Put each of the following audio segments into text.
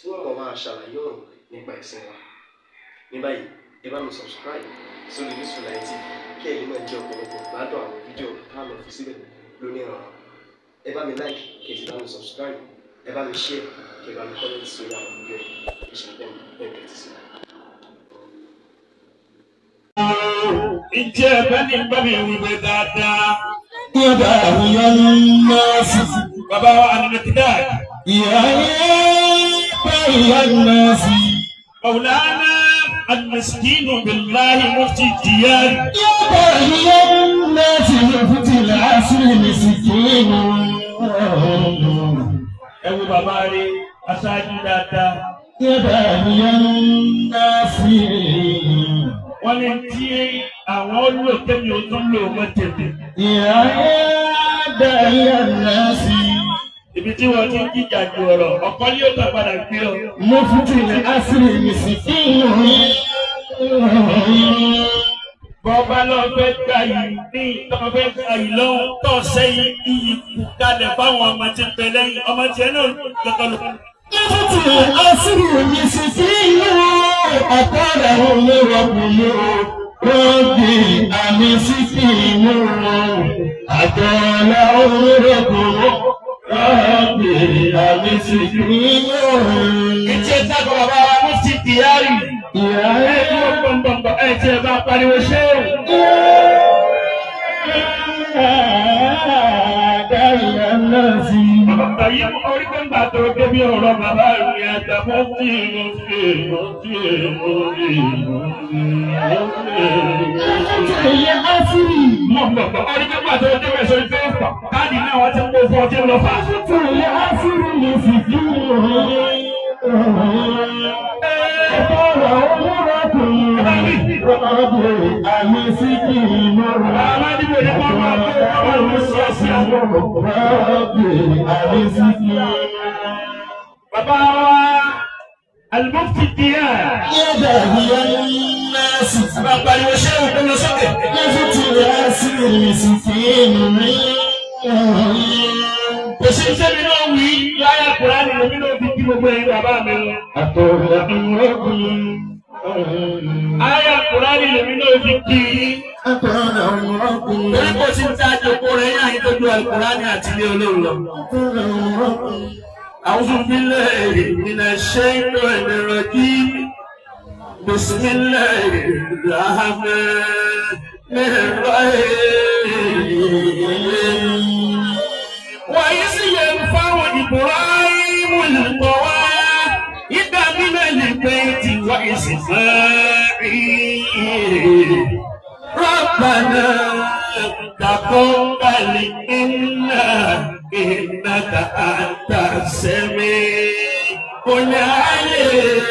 tí wọ́n mọ̀ máa ṣàlàyé ọ̀rọ̀ nípa ẹ̀sìn wa ní báyìí ẹ bá mi subscribe sórí Yusufullahi TV kí ẹ̀yin náà jẹ́ ọ̀pọ̀lọpọ̀ gbádùn àwọn fídíò tá a lọ fi síbẹ̀ lónìí ọ̀rọ̀ ẹ bá mi like kí ẹ sì bá mi subscribe ẹ bá mi share kí ẹ bá mi comment sórí àwọn fídíò yìí ìṣẹ̀lẹ̀ wa ànínà ti dáa. Ìyá yẹn. خير الناس مولانا المسكين بالله مفتي الديار يا باهي الناس مفتي العصر مسكين ẹwú bàbá rẹ aṣáájú dáadáa. ṣé báyìí yẹn ń dá sí i. wọ́n lè tí àwọn olóòtú mi ò tún lò wọ́n tètè. ìyá ẹ̀ dá yẹn náà tí wọ́n ti jíjà ju ọ̀rọ̀ ọ̀kọ́ yóò tán padà gbé ọ. mo fi ti ilẹ̀ asiri mi sí kí bọ́ọ̀bá fẹ́ gbà yìí ní ìtọ́ fẹ́ gbà yìí lọ́wọ́ tọ́ sẹ́yìn iyì kalẹ̀ fáwọn ọmọ tí ń bẹ lẹ́yìn ọmọ tí ẹ náà kankan lò. Títí àṣírí mi sí inú ọ̀pọ̀ ò lè rọ̀bù mi o. Rọ́bì àmì sí sí inú àtọ̀ọ̀lá ò lè rọ̀bù mi o. Rabbi Amisiri. Ìtì ẹ̀ta kọ̀ bàbá wa Mufti Kiyari. Ẹ kí wọ́n gbọ̀ngbọ̀ngbọ̀ ẹ̀ tí ẹ bá pariwo ṣéèrè. Dáìyá náà sí. Tàyí orí pé ńgbà tó débi ọ̀rọ̀ bàbá mi àtàbọ̀ tí mo fi mo fi mo fi mo fi mo fi. Èyí á sí. Mo gbọ̀ gbọ̀ orí pé ńgbà tó débi ẹ̀ṣọ́ ìfẹ́ fà. Káàdì náà wọ́n ti kó fún ọtí lọ fà. Èyí á sí ni mo sì fi mo rí. Ẹ̀fọ́ ọ̀rọ̀ owó rẹ̀ kò yẹ. Rọ́bì àmì sí kì í mọ̀ràn. Bàbá wa Alimọ́tì Díà. Yéèdà ìyá ńlá sí. Bàbá pariwo ṣé o gbọ́dọ̀ sókè? Yéèdà ti rà sí ìrìnsì fèèrè mi. Òṣèlú sẹ́mi náà wí láyà kúrá nínú mi náà fi kí gbogbo ẹ̀yin bàbá mi. Àtọ̀rọ̀ ìrọ̀gùn. Ayà kúrá nínú mi náà fi kí. Àtọ̀rọ̀ ìrọ̀gùn. Orí kò sí ní sáájú kúrẹ́ yìí ju alukurani àti ilé olóhùn lọ. أعوذ بالله من الشيطان الرجيم بسم الله الرحمن الرحيم وإذ يرفع إبراهيم القواعد من البيت وإسماعيل ربنا وقولا إنا إنك أنت السميع العليم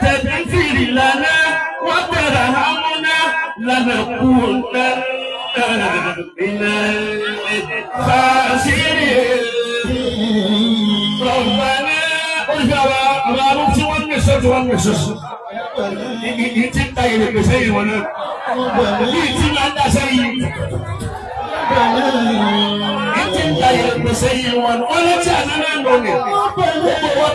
تغفر لنا وترحمنا لنكونن من الخاسرين sọ́tún wọn pèsè sùn ní ti ta ìrè pèsè ìwọ náà ní ti máa ń dá sẹ́yìn ní ti ta ìrè pèsè ìwọ náà wọn lọ́tí àná náà lò ní gbogbo wọn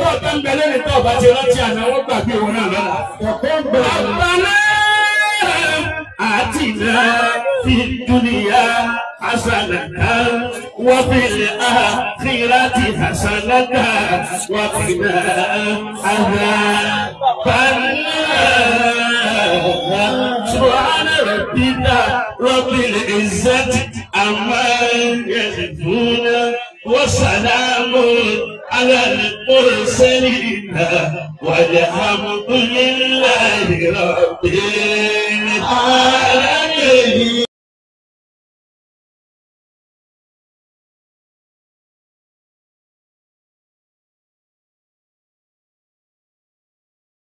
tó حسنتها وفي الآخرة حسنتها وقنا أهلا النار سبحان ربنا رب العزة أما يصفون وسلام على المرسلين والحمد لله رب العالمين